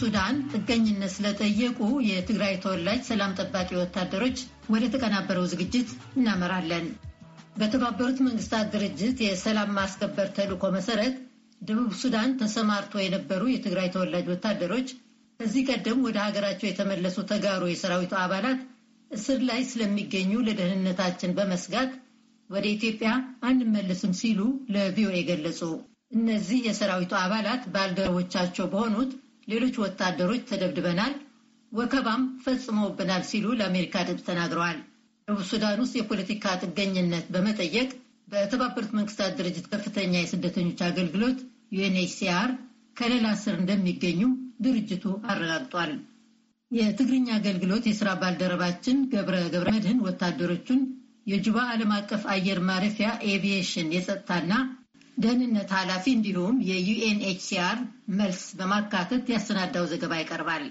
ሱዳን ጥገኝነት ስለጠየቁ የትግራይ ተወላጅ ሰላም ጠባቂ ወታደሮች ወደ ተቀናበረው ዝግጅት እናመራለን። በተባበሩት መንግስታት ድርጅት የሰላም ማስከበር ተልዕኮ መሰረት ደቡብ ሱዳን ተሰማርቶ የነበሩ የትግራይ ተወላጅ ወታደሮች ከዚህ ቀደም ወደ ሀገራቸው የተመለሱ ተጋሩ የሰራዊቱ አባላት እስር ላይ ስለሚገኙ ለደህንነታችን በመስጋት ወደ ኢትዮጵያ አንመለስም ሲሉ ለቪኦኤ ገለጹ። እነዚህ የሰራዊቱ አባላት ባልደረቦቻቸው በሆኑት ሌሎች ወታደሮች ተደብድበናል፣ ወከባም ፈጽመውብናል ሲሉ ለአሜሪካ ድምፅ ተናግረዋል። ደቡብ ሱዳን ውስጥ የፖለቲካ ጥገኝነት በመጠየቅ በተባበሩት መንግስታት ድርጅት ከፍተኛ የስደተኞች አገልግሎት ዩኤንኤችሲአር ከሌላ ስር እንደሚገኙ ድርጅቱ አረጋግጧል። የትግርኛ አገልግሎት የስራ ባልደረባችን ገብረ ገብረ መድህን ወታደሮቹን የጁባ ዓለም አቀፍ አየር ማረፊያ ኤቪዬሽን የጸጥታና ደህንነት ኃላፊ እንዲሁም የዩኤንኤችሲአር መልስ በማካተት ያሰናዳው ዘገባ ይቀርባል።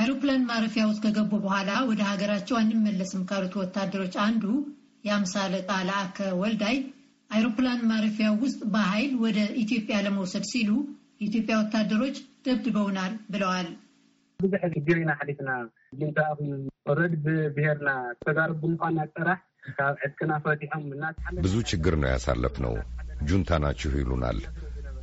አይሮፕላን ማረፊያ ውስጥ ከገቡ በኋላ ወደ ሀገራቸው አንመለስም ካሉት ወታደሮች አንዱ የአምሳ አለቃ ለአከ ወልዳይ አይሮፕላን ማረፊያ ውስጥ በኃይል ወደ ኢትዮጵያ ለመውሰድ ሲሉ የኢትዮጵያ ወታደሮች ደብድበውናል ብለዋል። ብዙሕ ኢና ሓሊፍና ጊንታ ረድ ብብሔርና ተጋርቡ እንኳን ጥራሕ ካብ ዕድቅና ፈቲሖም ብዙ ችግር ነው ያሳለፍነው። ጁንታ ናችሁ ይሉናል።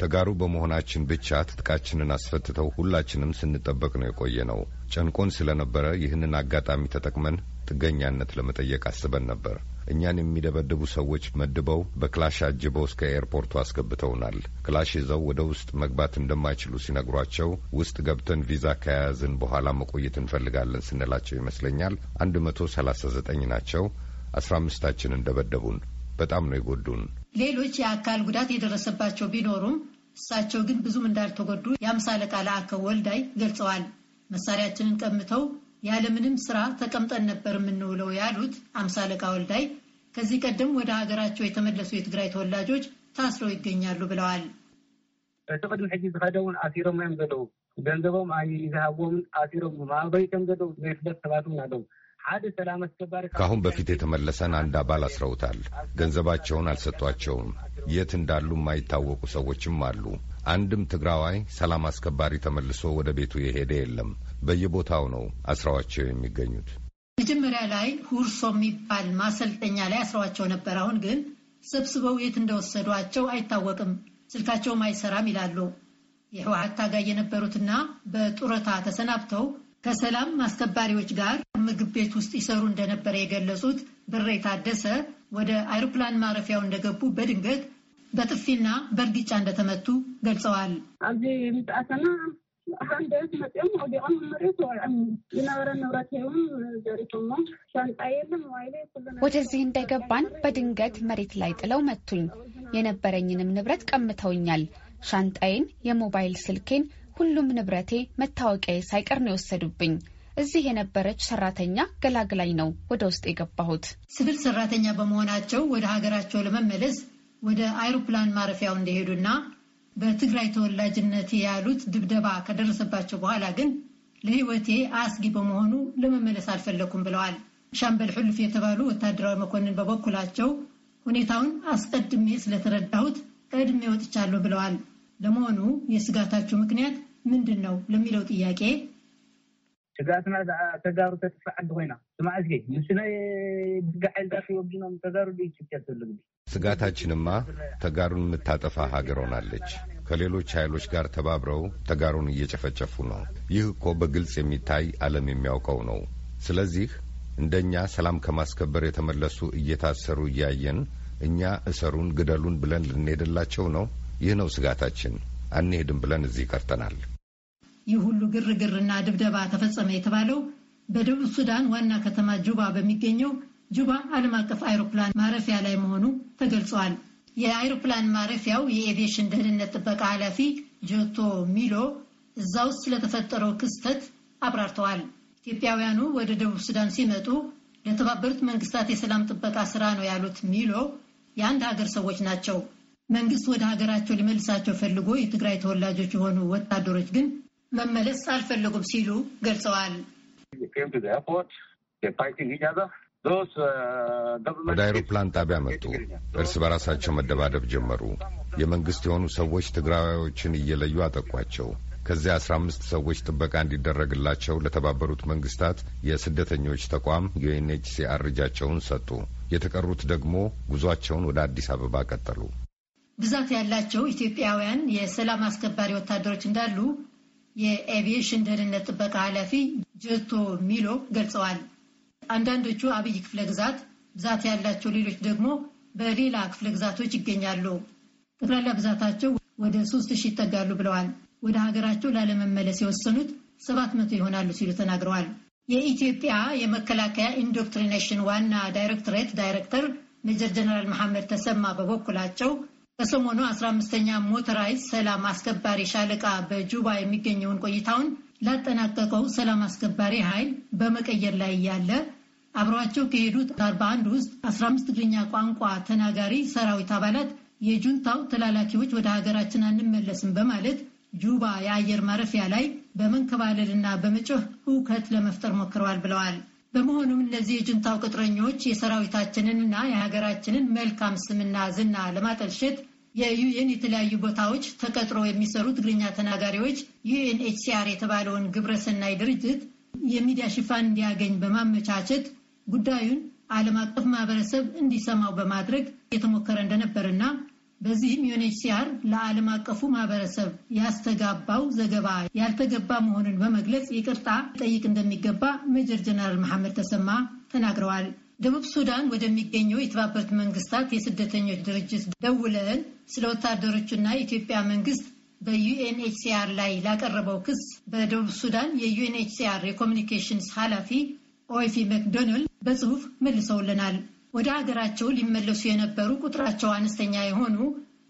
ተጋሩ በመሆናችን ብቻ ትጥቃችንን አስፈትተው ሁላችንም ስንጠበቅ ነው የቆየ ነው። ጨንቆን ስለነበረ ይህንን አጋጣሚ ተጠቅመን ጥገኛነት ለመጠየቅ አስበን ነበር። እኛን የሚደበድቡ ሰዎች መድበው በክላሽ አጅበው እስከ ኤርፖርቱ አስገብተውናል። ክላሽ ይዘው ወደ ውስጥ መግባት እንደማይችሉ ሲነግሯቸው ውስጥ ገብተን ቪዛ ከያያዝን በኋላ መቆየት እንፈልጋለን ስንላቸው ይመስለኛል አንድ መቶ ሰላሳ ዘጠኝ ናቸው አስራ አምስታችንን ደበደቡን። በጣም ነው የጎዱን። ሌሎች የአካል ጉዳት የደረሰባቸው ቢኖሩም እሳቸው ግን ብዙም እንዳልተጎዱ የአምሳ አለቃ ለአከው ወልዳይ ገልጸዋል። መሳሪያችንን ቀምተው ያለምንም ስራ ተቀምጠን ነበር የምንውለው ያሉት አምሳ አለቃ ወልዳይ ከዚህ ቀደም ወደ ሀገራቸው የተመለሱ የትግራይ ተወላጆች ታስረው ይገኛሉ ብለዋል። እቲ ቅድሚ ሕጂ ዝኸደውን እውን አሲሮም እዮም ዘለው ገንዘቦም ኣይዝሃቦምን ኣሲሮም ማበይ ዘለው ዘለዉ ዘይፍለጥ ሰባት ኣለው ከአሁን በፊት የተመለሰን አንድ አባል አስረውታል። ገንዘባቸውን አልሰጧቸውም። የት እንዳሉ የማይታወቁ ሰዎችም አሉ። አንድም ትግራዋይ ሰላም አስከባሪ ተመልሶ ወደ ቤቱ የሄደ የለም። በየቦታው ነው አስረዋቸው የሚገኙት። መጀመሪያ ላይ ሁርሶ የሚባል ማሰልጠኛ ላይ አስረዋቸው ነበር። አሁን ግን ሰብስበው የት እንደወሰዷቸው አይታወቅም። ስልካቸውም አይሰራም ይላሉ። የህወሀት ታጋይ የነበሩትና በጡረታ ተሰናብተው ከሰላም አስከባሪዎች ጋር ምግብ ቤት ውስጥ ይሰሩ እንደነበረ የገለጹት ብሬ ታደሰ ወደ አይሮፕላን ማረፊያው እንደገቡ በድንገት በጥፊና በእርግጫ እንደተመቱ ገልጸዋል። ወደዚህ እንደገባን በድንገት መሬት ላይ ጥለው መቱኝ። የነበረኝንም ንብረት ቀምተውኛል። ሻንጣዬን፣ የሞባይል ስልኬን ሁሉም ንብረቴ መታወቂያዬ ሳይቀር ነው የወሰዱብኝ። እዚህ የነበረች ሰራተኛ ገላግላኝ ነው ወደ ውስጥ የገባሁት። ሲቪል ሰራተኛ በመሆናቸው ወደ ሀገራቸው ለመመለስ ወደ አይሮፕላን ማረፊያው እንደሄዱና በትግራይ ተወላጅነት ያሉት ድብደባ ከደረሰባቸው በኋላ ግን ለሕይወቴ አስጊ በመሆኑ ለመመለስ አልፈለኩም ብለዋል። ሻምበል ሕልፍ የተባሉ ወታደራዊ መኮንን በበኩላቸው ሁኔታውን አስቀድሜ ስለተረዳሁት ቀድሜ ወጥቻለሁ ብለዋል። ለመሆኑ የስጋታችሁ ምክንያት ምንድን ነው ለሚለው ጥያቄ ስጋትና ተጋሩ ተስፋ ዓዲ ኮይና ስማዓት ምስናይ ብጋ ሓይልታት ወጊኖም ተጋሩ ኢትዮጵያ ዘሎ ስጋታችንማ ተጋሩን የምታጠፋ ሀገር ሆናለች። ከሌሎች ኃይሎች ጋር ተባብረው ተጋሩን እየጨፈጨፉ ነው። ይህ እኮ በግልጽ የሚታይ ዓለም የሚያውቀው ነው። ስለዚህ እንደኛ ሰላም ከማስከበር የተመለሱ እየታሰሩ እያየን እኛ እሰሩን ግደሉን ብለን ልንሄድላቸው ነው። ይህ ነው ስጋታችን። አንሄድም ብለን እዚህ ቀርተናል። ይህ ሁሉ ግርግርና ድብደባ ተፈጸመ የተባለው በደቡብ ሱዳን ዋና ከተማ ጁባ በሚገኘው ጁባ ዓለም አቀፍ አይሮፕላን ማረፊያ ላይ መሆኑ ተገልጿል። የአይሮፕላን ማረፊያው የኤቪየሽን ደህንነት ጥበቃ ኃላፊ ጆቶ ሚሎ እዛ ውስጥ ስለተፈጠረው ክስተት አብራርተዋል። ኢትዮጵያውያኑ ወደ ደቡብ ሱዳን ሲመጡ ለተባበሩት መንግስታት የሰላም ጥበቃ ስራ ነው ያሉት ሚሎ የአንድ ሀገር ሰዎች ናቸው። መንግስት ወደ ሀገራቸው ሊመልሳቸው ፈልጎ የትግራይ ተወላጆች የሆኑ ወታደሮች ግን መመለስ አልፈለጉም ሲሉ ገልጸዋል። ወደ አይሮፕላን ጣቢያ መጡ። እርስ በራሳቸው መደባደብ ጀመሩ። የመንግስት የሆኑ ሰዎች ትግራዋዮችን እየለዩ አጠቋቸው። ከዚያ አስራ አምስት ሰዎች ጥበቃ እንዲደረግላቸው ለተባበሩት መንግስታት የስደተኞች ተቋም ዩኤንኤችሲአር እጃቸውን ሰጡ። የተቀሩት ደግሞ ጉዟቸውን ወደ አዲስ አበባ ቀጠሉ። ብዛት ያላቸው ኢትዮጵያውያን የሰላም አስከባሪ ወታደሮች እንዳሉ የኤቪዬሽን ደህንነት ጥበቃ ኃላፊ ጀቶ ሚሎ ገልጸዋል። አንዳንዶቹ አብይ ክፍለ ግዛት ብዛት ያላቸው፣ ሌሎች ደግሞ በሌላ ክፍለ ግዛቶች ይገኛሉ። ጠቅላላ ብዛታቸው ወደ ሶስት ሺህ ይጠጋሉ ብለዋል። ወደ ሀገራቸው ላለመመለስ የወሰኑት ሰባት መቶ ይሆናሉ ሲሉ ተናግረዋል። የኢትዮጵያ የመከላከያ ኢንዶክትሪኔሽን ዋና ዳይሬክቶሬት ዳይሬክተር ሜጀር ጀነራል መሐመድ ተሰማ በበኩላቸው በሰሞኑ አስራ አምስተኛ ሞተራይዝ ሰላም አስከባሪ ሻለቃ በጁባ የሚገኘውን ቆይታውን ላጠናቀቀው ሰላም አስከባሪ ኃይል በመቀየር ላይ እያለ አብረዋቸው ከሄዱት 41 ውስጥ 15 ትግርኛ ቋንቋ ተናጋሪ ሰራዊት አባላት የጁንታው ተላላኪዎች ወደ ሀገራችን አንመለስም በማለት ጁባ የአየር ማረፊያ ላይ በመንከባለልና በመጮህ እውከት ለመፍጠር ሞክረዋል ብለዋል። በመሆኑም እነዚህ የጁንታው ቅጥረኞች የሰራዊታችንንና የሀገራችንን መልካም ስምና ዝና ለማጠልሸት የዩኤን የተለያዩ ቦታዎች ተቀጥሮ የሚሰሩ ትግርኛ ተናጋሪዎች ዩኤንኤችሲአር የተባለውን ግብረሰናይ ድርጅት የሚዲያ ሽፋን እንዲያገኝ በማመቻቸት ጉዳዩን ዓለም አቀፍ ማህበረሰብ እንዲሰማው በማድረግ የተሞከረ እንደነበርና በዚህም ዩኤንኤችሲአር ለዓለም አቀፉ ማህበረሰብ ያስተጋባው ዘገባ ያልተገባ መሆኑን በመግለጽ ይቅርታ ሊጠይቅ እንደሚገባ ሜጀር ጀነራል መሐመድ ተሰማ ተናግረዋል። ደቡብ ሱዳን ወደሚገኘው የተባበሩት መንግስታት የስደተኞች ድርጅት ደውለን ስለ ወታደሮቹና የኢትዮጵያ መንግስት በዩኤንኤችሲአር ላይ ላቀረበው ክስ በደቡብ ሱዳን የዩኤንኤችሲአር የኮሚኒኬሽንስ ኃላፊ ኦይፊ መክዶናልድ በጽሁፍ መልሰውልናል። ወደ ሀገራቸው ሊመለሱ የነበሩ ቁጥራቸው አነስተኛ የሆኑ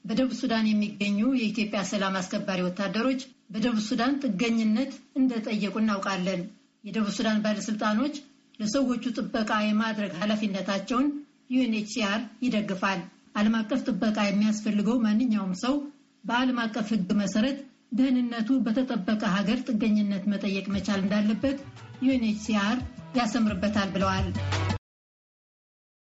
በደቡብ ሱዳን የሚገኙ የኢትዮጵያ ሰላም አስከባሪ ወታደሮች በደቡብ ሱዳን ጥገኝነት እንደጠየቁ እናውቃለን። የደቡብ ሱዳን ባለስልጣኖች ለሰዎቹ ጥበቃ የማድረግ ኃላፊነታቸውን ዩኤንኤችሲአር ይደግፋል። ዓለም አቀፍ ጥበቃ የሚያስፈልገው ማንኛውም ሰው በዓለም አቀፍ ሕግ መሰረት ደህንነቱ በተጠበቀ ሀገር ጥገኝነት መጠየቅ መቻል እንዳለበት ዩኤንኤችሲአር ያሰምርበታል ብለዋል።